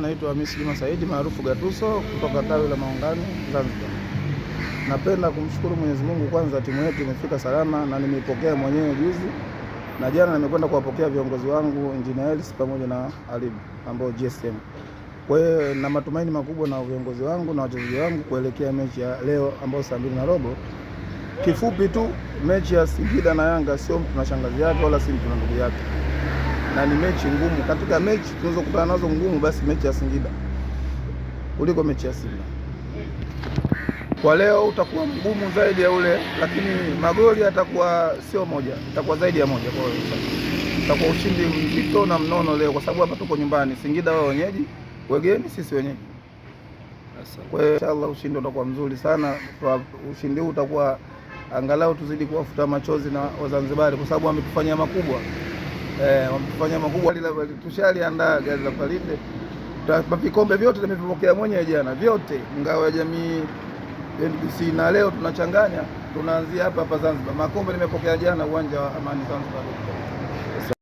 Naitwa Hamisi Juma Saidi maarufu Gatuso kutoka tawi la Maungani Zanzibar. Napenda kumshukuru Mwenyezi Mungu kwanza, timu yetu imefika salama na nimeipokea mwenyewe juzi na jana, nimekwenda kuwapokea viongozi wangu Engineer Ellis pamoja na Alibu ambao GSM. Kwa hiyo na matumaini makubwa na viongozi wangu na wachezaji wangu kuelekea mechi ya leo ambayo saa mbili na robo. Kifupi tu mechi ya Singida na Yanga sio mtu na shangazi yake wala si mtu na ndugu yake na ni mechi ngumu. Katika mechi tunazokutana nazo ngumu, basi mechi ya Singida kuliko mechi ya Simba. Kwa leo utakuwa mgumu zaidi ya ule, lakini magoli atakuwa sio moja, itakuwa zaidi ya moja. Kwa hiyo itakuwa ushindi mzito na mnono leo, kwa sababu hapa tuko nyumbani. Singida wao wenyeji, wageni sisi wenyeji. Kwa hiyo inshallah ushindi utakuwa mzuri sana. Ushindi huu utakuwa angalau tuzidi kuwafuta machozi na Wazanzibari kwa sababu wametufanyia makubwa eh, wamefanya makubwa. Tushaliandaa gari la Palinde, vikombe vyote nimevipokea mwenyewe jana, vyote ngao ya jamii NBC, na leo tunachanganya, tunaanzia hapa hapa Zanzibar. Makombe nimepokea jana uwanja wa Amani Zanzibar.